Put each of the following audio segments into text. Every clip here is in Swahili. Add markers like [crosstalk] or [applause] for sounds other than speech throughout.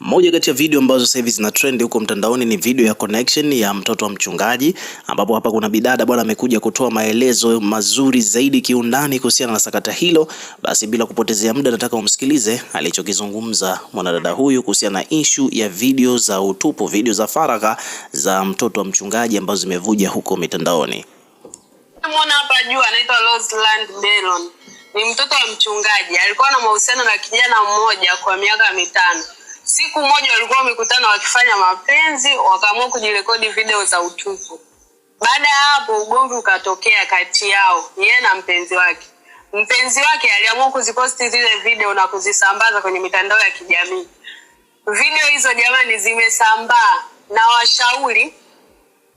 Moja kati ya video ambazo sasa hivi zina trend huko mtandaoni ni video ya connection ya mtoto wa mchungaji, ambapo hapa kuna bidada bwana amekuja kutoa maelezo mazuri zaidi kiundani kuhusiana na sakata hilo. Basi bila kupotezea muda, nataka umsikilize alichokizungumza mwanadada huyu kuhusiana na issue ya video za utupu, video za faragha za mtoto wa mchungaji ambazo zimevuja huko mitandaoni. Mwana hapa juu anaitwa Roseland Melon, Ni mtoto wa mchungaji, alikuwa na mahusiano na kijana mmoja kwa miaka mitano siku moja walikuwa wamekutana wakifanya mapenzi wakaamua kujirekodi video za utupu baada ya hapo ugomvi ukatokea kati yao yeye na mpenzi wake mpenzi wake aliamua kuziposti zile video na kuzisambaza kwenye mitandao ya kijamii video hizo jamani zimesambaa na washauri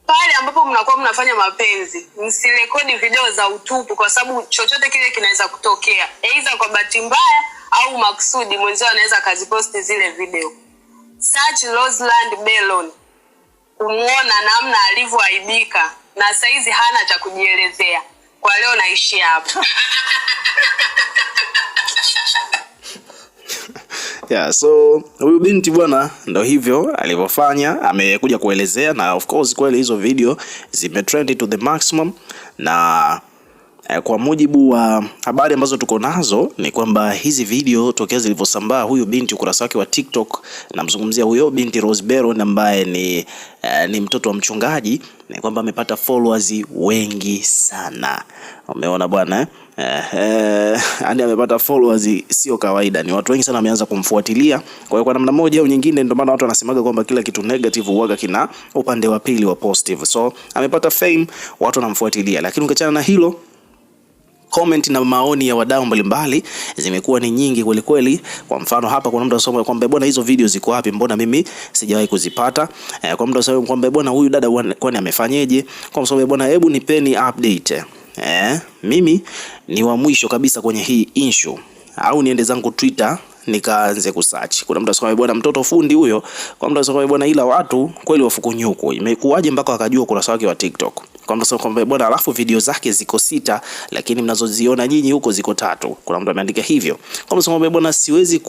pale ambapo mnakuwa mnafanya mapenzi msirekodi video za utupu kwa sababu chochote kile kinaweza kutokea aidha kwa bahati mbaya au maksudi mwenzio anaweza akaziposti zile video search Roseland Melon, kumwona namna alivyoaibika na saizi hana cha kujielezea kwa leo naishi hapo [laughs] yeah, so huyu binti bwana, ndo hivyo alivyofanya, amekuja kuelezea na of course kweli hizo video zimetrend to the maximum na Eh, kwa mujibu wa habari ambazo tuko nazo ni kwamba hizi video tokea zilivyosambaa, huyu binti ukurasa wake wa TikTok, namzungumzia huyo binti Rose Beron ambaye ni, eh, ni mtoto wa mchungaji, ni kwamba amepata followers wengi sana. Umeona bwana eh, eh, [laughs] yani amepata followers sio kawaida, ni watu wengi sana wameanza kumfuatilia. Kwa hiyo kwa namna moja au nyingine, ndio maana watu wanasemaga kwamba kila kitu negative huaga kina upande wa pili wa positive. So amepata fame, watu wanamfuatilia, lakini ukiachana na hilo comment na maoni ya wadau mbalimbali zimekuwa ni nyingi kweli kweli. Kwa mfano hapa kuna mtu anasema kwamba bwana, hizo video ziko wapi? Mbona mimi sijawahi kuzipata? Eh, kwa mtu anasema kwamba bwana, huyu dada kwani amefanyeje? Kwa msome bwana, hebu nipeni update. Eh, mimi ni wa mwisho kabisa kwenye hii issue au niende zangu Twitter nikaanze kusearch. Kuna mtu asema bwana, mtoto fundi huyo. Kwa mtu asema bwana, ila watu kweli wafukunyuko, imekuaje mpaka wakajua ukurasa wake wa TikTok? Kwa mtu asema bwana, alafu video zake ziko sita, lakini mnazoziona nyinyi huko ziko tatu. Kuna mtu ameandika hivyo. Kwa mtu asema bwana, siwezi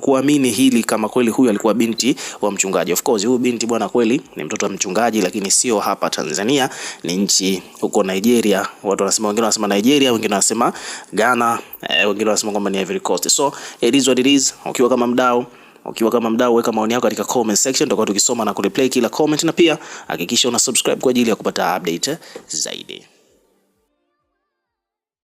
kuamini hili kama kweli huyu alikuwa binti wa mchungaji. Of course huyu binti bwana, kweli ni mtoto wa mchungaji, lakini sio hapa Tanzania, ni nchi huko Nigeria. Watu wanasema, wengine wanasema Nigeria, wengine wanasema Ghana, eh, wengine wanasema kwamba ni Ivory Coast. So it is what it is please, ukiwa kama mdau ukiwa kama mdau, weka maoni yako katika comment section, tutakuwa tukisoma na kureply kila comment, na pia hakikisha una subscribe kwa ajili ya kupata update zaidi.